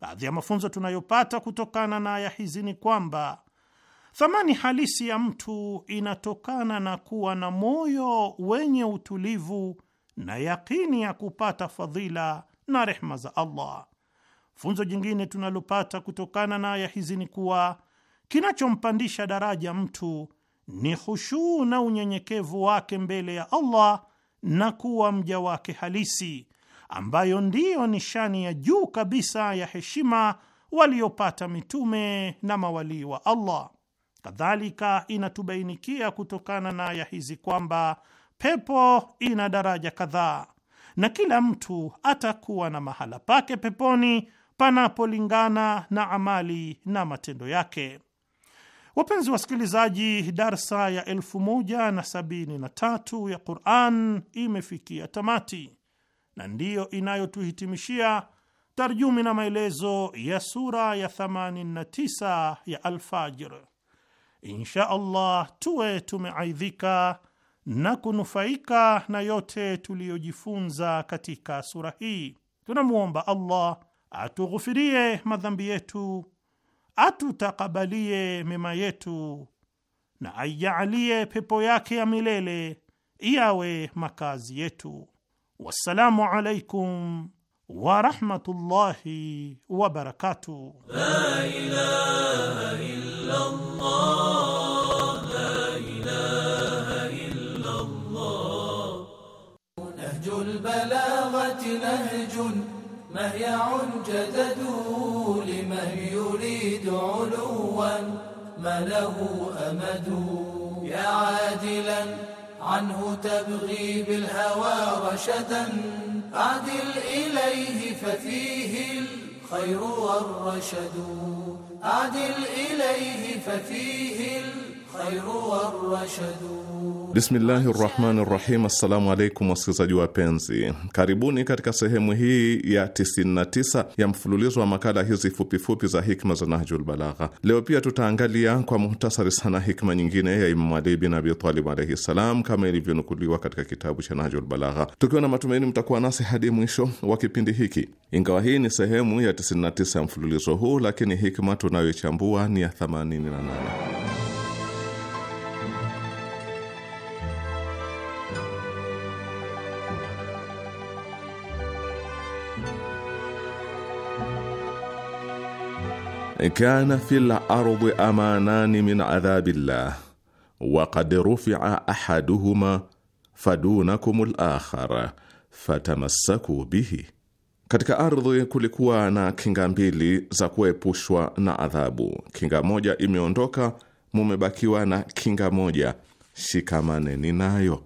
Baadhi ya mafunzo tunayopata kutokana na aya hizi ni kwamba thamani halisi ya mtu inatokana na kuwa na moyo wenye utulivu na yakini ya kupata fadhila na rehma za Allah. Funzo jingine tunalopata kutokana na aya hizi ni kuwa kinachompandisha daraja mtu ni hushuu na unyenyekevu wake mbele ya Allah na kuwa mja wake halisi ambayo ndiyo nishani ya juu kabisa ya heshima waliopata mitume na mawalii wa Allah. Kadhalika, inatubainikia kutokana na aya hizi kwamba pepo ina daraja kadhaa na kila mtu atakuwa na mahala pake peponi panapolingana na amali na matendo yake. Wapenzi wasikilizaji, darsa ya elfu ya Quran imefikia tamati na ndiyo inayotuhitimishia tarjumi na maelezo ya sura ya 89 ya Alfajr. Insha Allah tuwe tumeaidhika na kunufaika na yote tuliyojifunza katika sura hii. Tunamwomba Allah atughufirie madhambi yetu, atutakabalie mema yetu, na aijaalie pepo yake ya milele iyawe makazi yetu. والسلام عليكم ورحمة الله وبركاته لا إله إلا الله لا إله إلا الله نهج البلاغة نهج مهيع جدد لمن يريد علوا ما له أمد يا عادلاً عنه تبغي بالهوى رشدا أعدل إليه ففيه الخير والرشد أعدل إليه ففيه الخير Bismillahi rahmani rahim. Assalamu alaikum wasikilizaji wapenzi, karibuni katika sehemu hii ya 99 ya mfululizo wa makala hizi fupifupi za hikma za Nahjul Balagha. Leo pia tutaangalia kwa muhtasari sana hikma nyingine ya Imamu Ali bin Abi Talib alaihi ssalam, kama ilivyonukuliwa katika kitabu cha Nahjul Balagha, tukiwa na matumaini mtakuwa nasi hadi mwisho wa kipindi hiki. Ingawa hii ni sehemu ya 99 ya mfululizo huu, lakini hikma tunayoichambua ni ya 88. kana fi lardi amanani min adhabi llah wakad rufia ahaduhuma fadunakum lakhar fatamassaku bihi, katika ardhi kulikuwa na kinga mbili za kuepushwa na adhabu. Kinga moja imeondoka, mumebakiwa na kinga moja, shikamaneni nayo.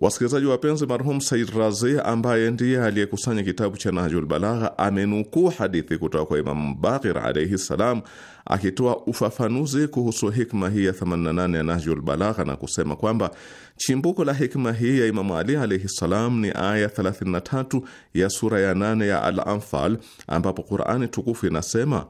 Wasikilizaji wapenzi, marhum Said Razi ambaye ndiye aliyekusanya kitabu cha Nahjul Balagha amenukuu hadithi kutoka kwa Imamu Bakir alaihi ssalam akitoa ufafanuzi kuhusu hikma hii ya 88 ya Nahjul Balagha na kusema kwamba chimbuko la hikma hii ya Imamu Ali alaihi ssalam ni aya 33 ya sura ya 8 ya Al Anfal, ambapo Qurani tukufu inasema,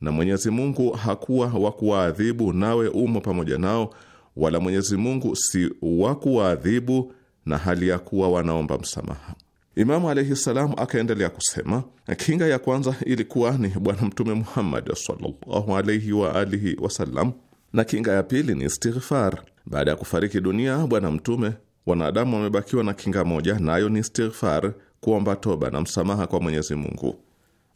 na Mwenyezi Mungu hakuwa wa kuwaadhibu nawe umo pamoja nao, wala Mwenyezi Mungu si wa kuwaadhibu na hali ya kuwa wanaomba msamaha. Imamu alaihi salamu akaendelea kusema, kinga ya kwanza ilikuwa ni Bwana Mtume Muhammad sallallahu alaihi wa alihi wasallam, na kinga ya pili ni istighfar. Baada ya kufariki dunia Bwana Mtume, wanadamu wamebakiwa na kinga moja, nayo na ni istighfar, kuomba toba na msamaha kwa Mwenyezi Mungu.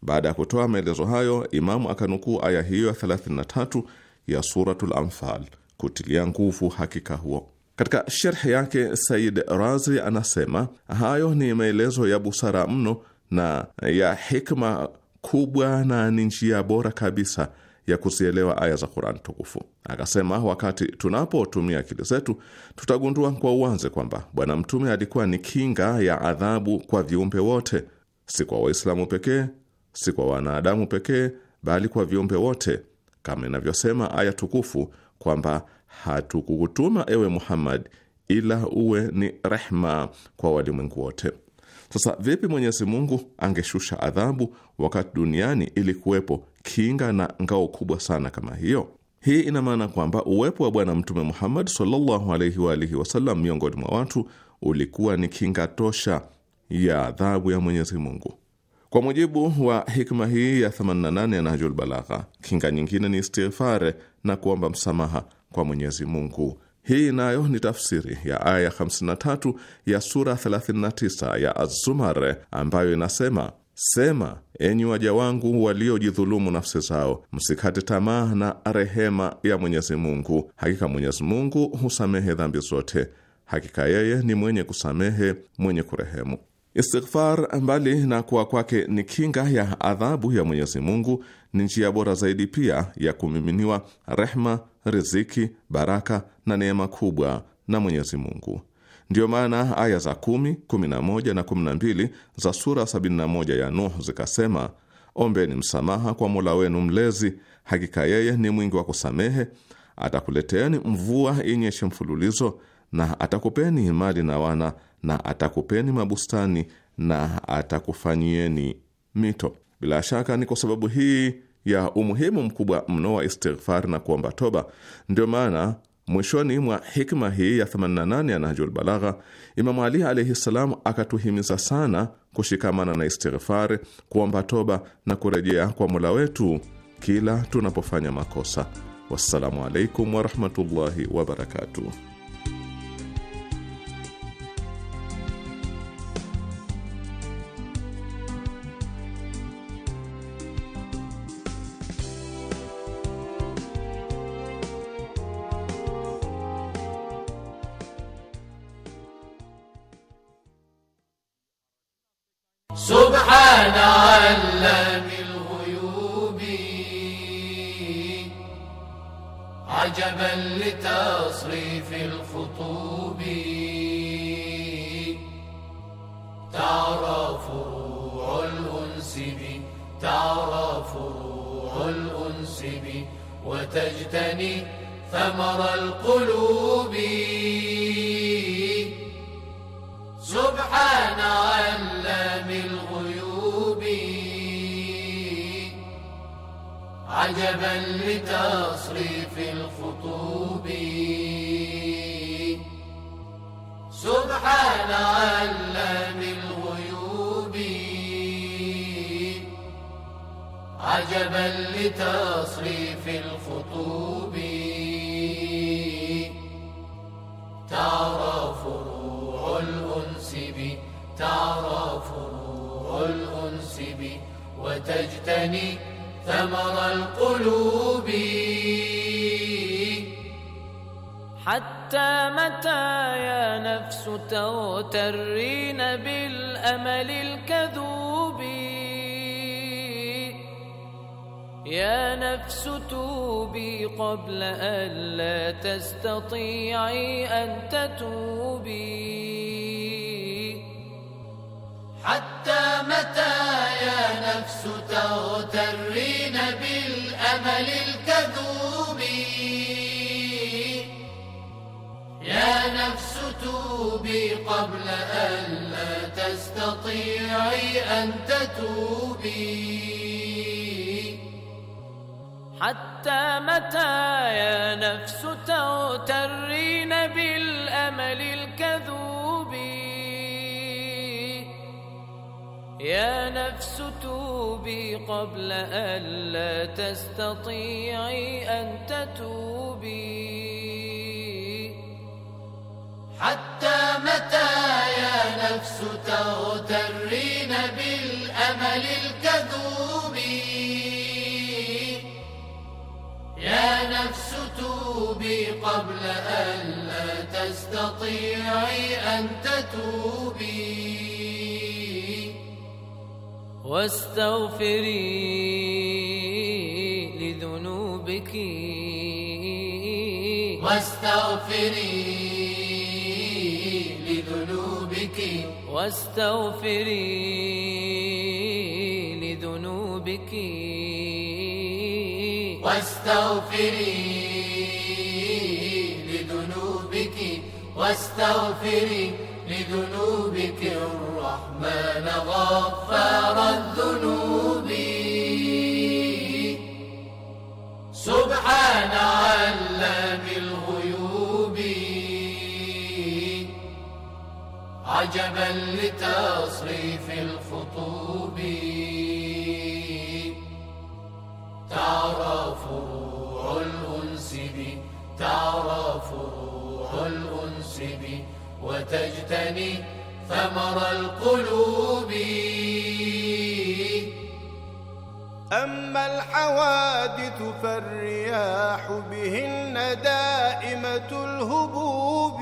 Baada ya kutoa maelezo hayo, Imamu akanukuu aya hiyo ya 33 ya Suratul Anfal kutilia nguvu hakika huo katika sherhe yake Said Razi anasema hayo ni maelezo ya busara mno na ya hikma kubwa na ni njia bora kabisa ya kuzielewa aya za Qur'an tukufu. Akasema wakati tunapotumia akili zetu tutagundua kwa uwanze kwamba Bwana Mtume alikuwa ni kinga ya adhabu kwa viumbe wote, si kwa Waislamu pekee, si kwa wanadamu pekee, bali kwa viumbe wote, kama inavyosema aya tukufu kwamba hatukukutuma ewe Muhammad ila uwe ni rehma kwa walimwengu wote. Sasa vipi Mwenyezi Mungu angeshusha adhabu wakati duniani ili kuwepo kinga na ngao kubwa sana kama hiyo? Hii ina maana kwamba uwepo wa Bwana Mtume Muhammad sallallahu alaihi wa alihi wasallam miongoni mwa watu ulikuwa ni kinga tosha ya adhabu ya Mwenyezi Mungu. Kwa mujibu wa hikma hii ya 88 ya Nahjul Balagha, kinga nyingine ni istighfare na kuomba msamaha kwa Mwenyezi Mungu. Hii nayo ni tafsiri ya aya 53 ya sura 39 ya Az-Zumar ambayo inasema: Sema, enyi waja wangu waliojidhulumu nafsi zao, msikate tamaa na rehema ya Mwenyezi Mungu. Hakika Mwenyezi Mungu husamehe dhambi zote, hakika yeye ni mwenye kusamehe, mwenye kurehemu. Istighfar, mbali na kuwa kwake ni kinga ya adhabu ya Mwenyezi Mungu, ni njia bora zaidi pia ya kumiminiwa rehma, riziki, baraka na neema kubwa na Mwenyezi Mungu. Ndiyo maana aya za kumi, na 12 za sura 71 ya Nuh zikasema: ombeni msamaha kwa Mola wenu Mlezi, hakika yeye ni mwingi wa kusamehe, atakuleteeni mvua inyeshe mfululizo na atakupeni mali na wana na atakupeni mabustani na atakufanyieni mito. Bila shaka ni kwa sababu hii ya umuhimu mkubwa mno wa istighfar na kuomba toba, ndio maana mwishoni mwa hikma hii ya 88 ya Nahjul Balagha, Imamu Ali alaihi ssalam akatuhimiza sana kushikamana na istighfar, kuomba toba na kurejea kwa mola wetu kila tunapofanya makosa. Wassalamu alaikum warahmatullahi wabarakatuh. ثمر القلوب سبحان علام الغيوب عجبا لتصريف الخطوب سبحان علام الغيوب عجبا لتصريف الخطوب تعرف روح الأنس بي تعرف روح الأنس بي وتجتني ثمر القلوب حتى متى يا نفس تغترين بالأمل الكذوب يا نفس توبي قبل أن لا تستطيعي أن تتوبي حتى متى يا نفس تغترين بالأمل الكذوب يا نفس توبي قبل أن لا تستطيعي أن تتوبي حتى متى يا نفس تغترين بالأمل الكذوب يا نفس توبي قبل أن لا تستطيعي أن تتوبي حتى متى يا نفس تغترين بالأمل الكذوب يا نفس توبي قبل أن لا تستطيعي أن تتوبي واستغفري لذنوبك واستغفري لذنوبك واستغفري لذنوبك واستغفري لذنوبك واستغفري لذنوبك الرحمن غفار الذنوب سبحان علام الغيوب عجبا لتصريف الخطوب تعرفه الأنس بي تعرف روح الأنس بي وتجتني ثمر القلوب أما الحوادث فالرياح بهن دائمة الهبوب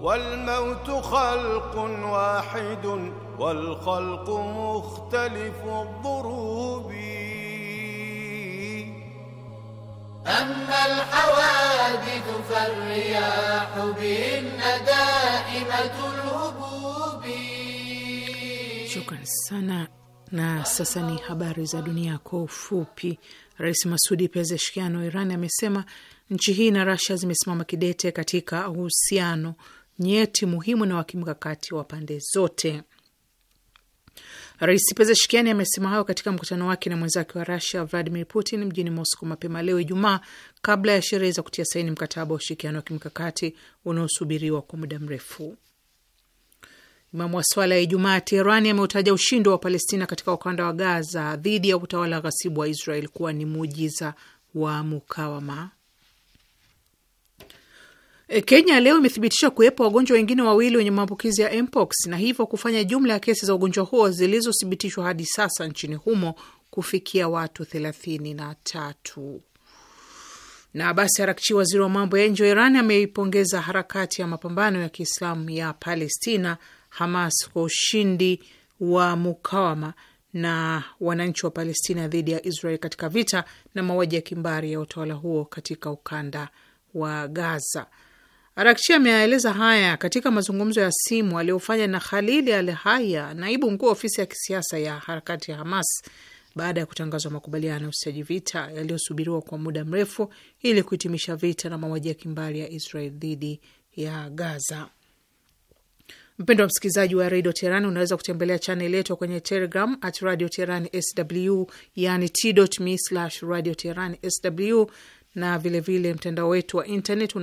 والموت خلق واحد والخلق مختلف الضروب أما الحوادث فالرياح بهن دائمة الهبوب. شكرا sana. Na sasa ni habari za dunia kwa ufupi. Rais Masudi Pezeshkian wa Iran amesema nchi hii na Rasia zimesimama kidete katika uhusiano nyeti muhimu na wa kimkakati wa pande zote. Rais Pezeshkiani amesema hayo katika mkutano wake na mwenzake wa Rusia Vladimir Putin mjini Moscow mapema leo Ijumaa, kabla ya sherehe za kutia saini mkataba wa ushirikiano wa kimkakati unaosubiriwa kwa muda mrefu. Imamu wa swala ya Ijumaa Teherani ameutaja ushindi wa Palestina katika ukanda wa Gaza dhidi ya utawala ghasibu wa Israel kuwa ni muujiza wa mukawama. Eh, Kenya leo imethibitisha kuwepo wagonjwa wengine wawili wenye maambukizi ya mpox na hivyo kufanya jumla ya kesi za ugonjwa huo zilizothibitishwa hadi sasa nchini humo kufikia watu thelathini na tatu. Na Abbas Araghchi, waziri wa mambo ya nje wa Iran, ameipongeza harakati ya mapambano ya Kiislamu ya Palestina Hamas kwa ushindi wa mukawama na wananchi wa Palestina dhidi ya Israel katika vita na mauaji ya kimbari ya utawala huo katika ukanda wa Gaza. Arakchi ameyaeleza haya katika mazungumzo ya simu aliyofanya na Khalili Al Haya, naibu mkuu wa ofisi ya kisiasa ya harakati ya Hamas baada ya kutangazwa makubaliano ya usitishaji vita yaliyosubiriwa kwa muda mrefu ili kuhitimisha vita na mauaji ya kimbali ya Israel dhidi ya Gaza. Mpendwa wa msikilizaji wa redio Teherani, unaweza kutembelea chaneli yetu kwenye Telegram at radio Teherani sw, yani t.me slash radio Teherani sw na vilevile mtandao wetu wa internet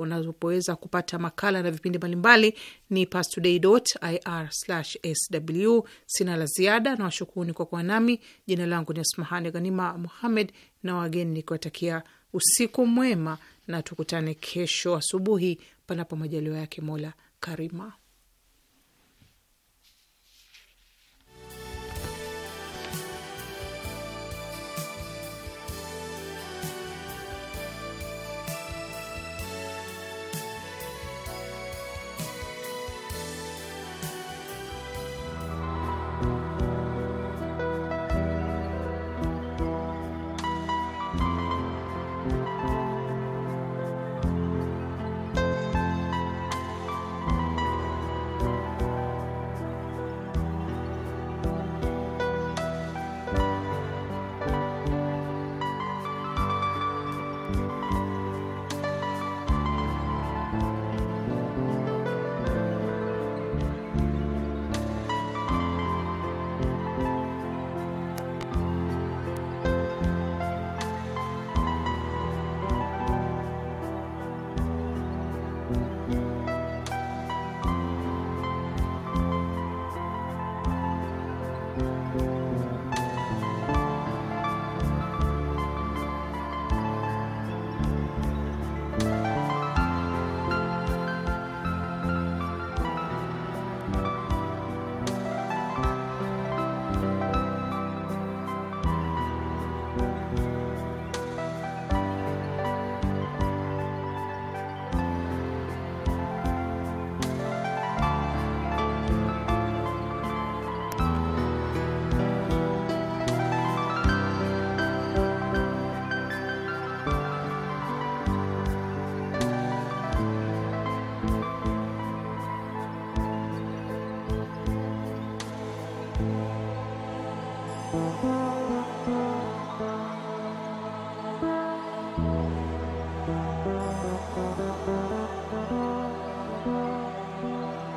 unavyoweza kupata makala na vipindi mbalimbali ni pastoday.ir/sw. Sina la ziada na washukuruni kwa kuwa nami. Jina langu ni Asmahani Ghanima Muhammed na wageni nikiwatakia usiku mwema na tukutane kesho asubuhi, panapo majaliwa yake Mola Karima.